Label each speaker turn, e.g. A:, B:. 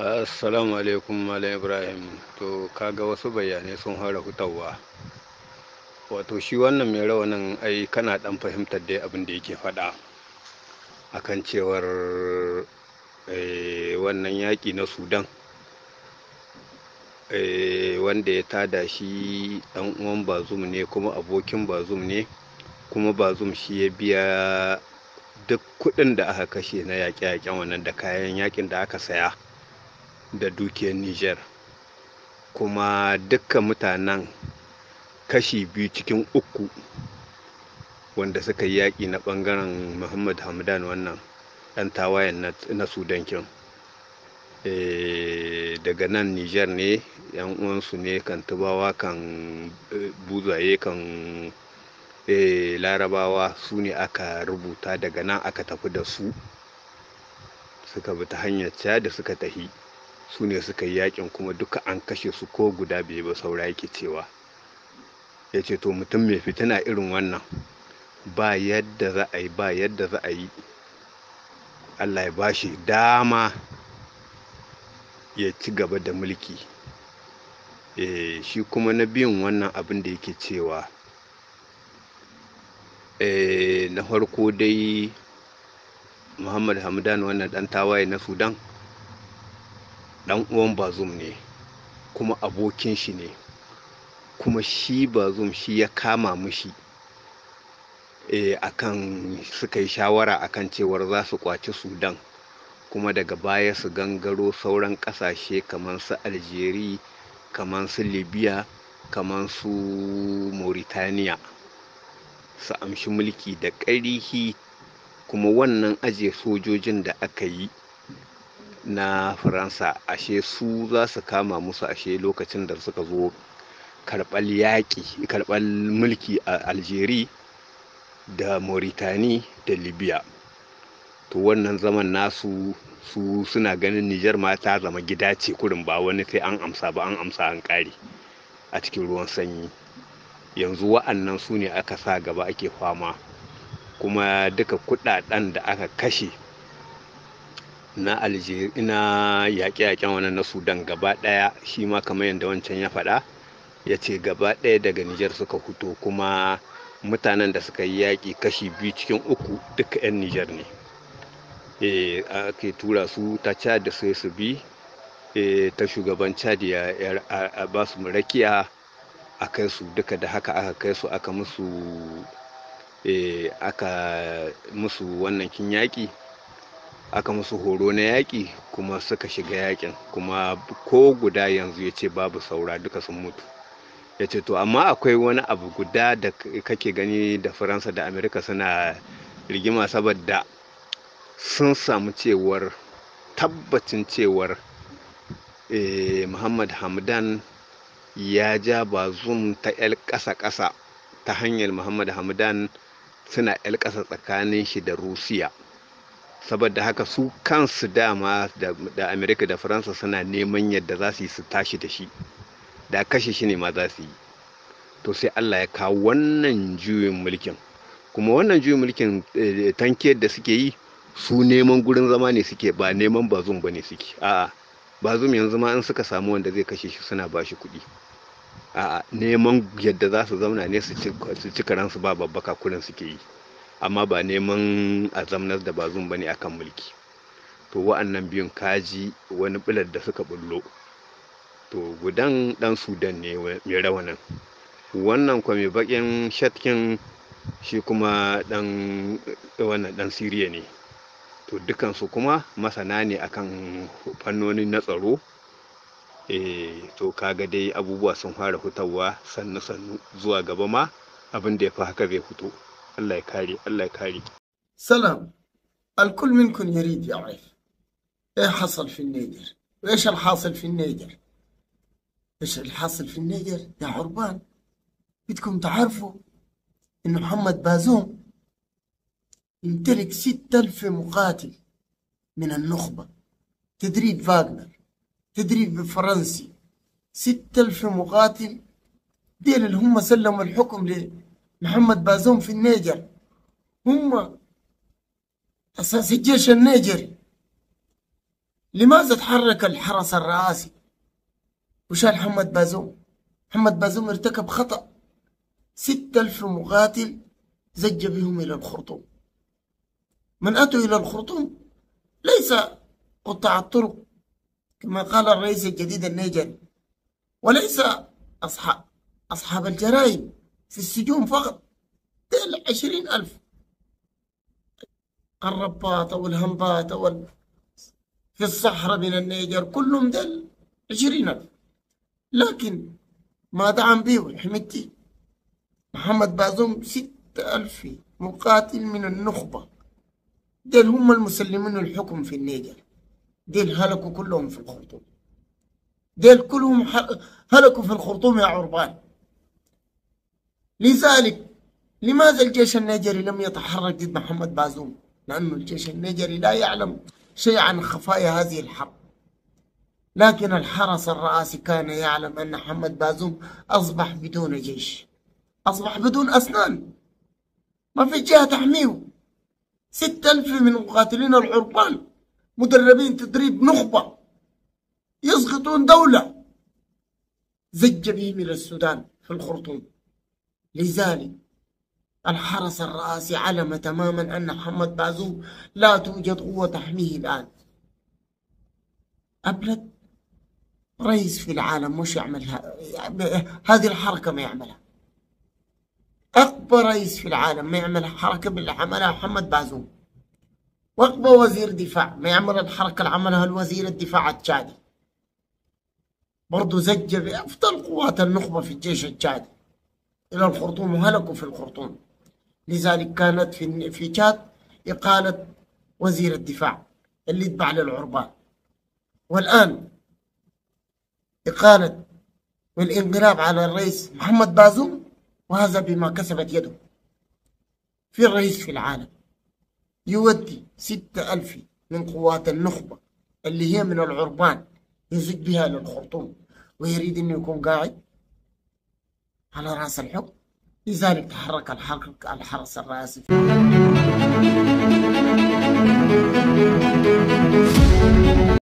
A: assalamu alaikum malam ibrahim to kaga wasu bayanai sun fara hutawa wato shi wannan mai rawanin ai kana dan fahimtar dai abin da yake faɗa akan cewar eh, wannan yaƙi na sudan eh, wanda ya tada shi dan uwan bazum ne kuma abokin bazum ne kuma bazum shi ya biya duk kudin da aka kashe na yaƙe-yaƙen wannan da kayan yaƙin da aka saya da dukiyar niger kuma duka mutanen kashi biyu cikin uku wanda suka yi yaƙi na ɓangaren muhammad hamdan wannan ɗan tawayen na sudan kin eh, daga nan niger ne yan uwansu ne kan tubawa kan eh, buzaye kan eh, larabawa su ne aka rubuta daga nan aka tafi da su suka bi ta hanyar da suka tahi su ne suka yi yakin kuma duka an kashe su ko guda biyu ba saura yake cewa ya ce to mutum mai fitina irin wannan ba yadda za a yi ba yadda za a yi allah ya bashi dama ya ci gaba da mulki e, shi kuma na biyun wannan abin da yake cewa e, na farko dai muhammad hamdan wannan dan tawaye na sudan dan uwan bazum ne kuma abokin shi ne kuma shi bazum shi ya kama mushi e, eh, akan suka yi shawara akan cewar za su kwaci sudan kuma daga baya su gangaro sauran kasashe kamar su algeria kamar su libya kamar su mauritania su amshi mulki da ƙarihi kuma wannan aje sojojin da aka yi na faransa ashe su za su kama musu ashe lokacin da suka zo karɓar yaƙi karɓar mulki a algeria da mauritani da libya to wannan zaman nasu su suna ganin nijar ma ta zama gida ce kurin ba wani sai an amsa ba an amsa an ƙare a cikin ruwan sanyi yanzu wa'annan su ne aka sa gaba ake fama kuma duka kudaden da aka kashe na aljeri na yaƙe-yaƙen wannan na sudan gaba ɗaya shi ma kamar yadda wancan ya faɗa ya ce gaba ɗaya daga nijar suka fito kuma mutanen da suka yi yaƙi kashi biyu cikin uku duka 'yan nijar ne e, eh, ke tura su ta chad sai su bi e, ta shugaban chad ya, a, ba su rakiya a kai su duka da haka aka kai su aka musu eh, wannan kin yaƙi aka musu horo na yaƙi kuma suka shiga yaƙin kuma ko guda yanzu ya ce babu saura duka sun mutu ya ce to amma akwai wani abu guda da kake gani da faransa da amerika suna rigima saboda sun samu cewar tabbacin cewar eh, muhammad hamdan ya ja ba bazum ta yal ƙasa-ƙasa ta hanyar muhammad hamdan suna 'yar ƙasa tsakanin shi da rusiya saboda haka su kansu dama da amerika da faransa suna neman yadda za su yi su tashi da shi da kashe shi ne ma za su yi to sai allah ya kawo wannan juyin mulkin kuma wannan juyin mulkin eh, tanke da suke yi su neman gurin zama ne suke ba neman bazum ba ne suke a'a bazum yanzu ma in suka samu wanda zai kashe shi suna ba shi kuɗi a'a neman yadda za su zauna ne su ci ransu ba babbaka kurin suke yi amma ba neman a zamnar da ne bane kan mulki to wa'annan biyun kaji wani bilar da suka bullo to gudan dan sudan ne mai rawanin wannan kwame bakin shatkin shi kuma dan wannan dan siriya ne to dukansu kuma masana ne akan fannoni na tsaro e, to kaga dai abubuwa sun fara hutawa sannu sannu zuwa gaba ma abin da ya fi haka zai fito الله يكاري الله يكاري
B: سلام الكل منكم يريد يعرف ايه حصل في النيجر وايش الحاصل في النيجر ايش الحاصل في النيجر يا عربان بدكم تعرفوا ان محمد بازوم يمتلك ستة ألف مقاتل من النخبة تدريب فاغنر تدريب فرنسي ستة ألف مقاتل ديل اللي هم سلموا الحكم محمد بازوم في النيجر هم أساس الجيش النيجري لماذا تحرك الحرس الرئاسي وشال محمد بازوم محمد بازوم ارتكب خطأ ستة ألف مقاتل زج بهم إلى الخرطوم من أتوا إلى الخرطوم ليس قطاع الطرق كما قال الرئيس الجديد النيجري وليس أصحاب أصحاب الجرائم في السجون فقط ديل عشرين ألف الرباطة الهنبات وال... في الصحراء من النيجر كلهم ديل عشرين ألف لكن ما دعم بيه حميدتي محمد بازوم ست ألف مقاتل من النخبة ديل هم المسلمين الحكم في النيجر ديل هلكوا كلهم في الخرطوم ديل كلهم هلكوا في الخرطوم يا عربان لذلك لماذا الجيش النيجري لم يتحرك ضد محمد بازوم؟ لأن الجيش النيجري لا يعلم شيء عن خفايا هذه الحرب لكن الحرس الرئاسي كان يعلم أن محمد بازوم أصبح بدون جيش أصبح بدون أسنان ما في جهة تحميه ستة ألف من مقاتلين العربان مدربين تدريب نخبة يسقطون دولة زج بهم إلى السودان في الخرطوم لذلك الحرس الرئاسي علم تماما أن محمد بازو لا توجد قوة تحميه الآن أبلد رئيس في العالم مش يعملها هذه الحركة ما يعملها أكبر رئيس في العالم ما يعمل حركة باللي عملها محمد بازو وأكبر وزير دفاع ما يعمل الحركة اللي عملها الوزير الدفاع التشادي برضو زج بأفضل قوات النخبة في الجيش التشادي إلى الخرطوم وهلكوا في الخرطوم لذلك كانت في في تشاد إقالة وزير الدفاع اللي اتبع للعربان والآن إقالة والانقلاب على الرئيس محمد بازوم وهذا بما كسبت يده في الرئيس في العالم يودي ستة ألف من قوات النخبة اللي هي من العربان يزج بها للخرطوم ويريد أنه يكون قاعد على رأس الحكم لذلك تحرك الحركة الحرس الراسي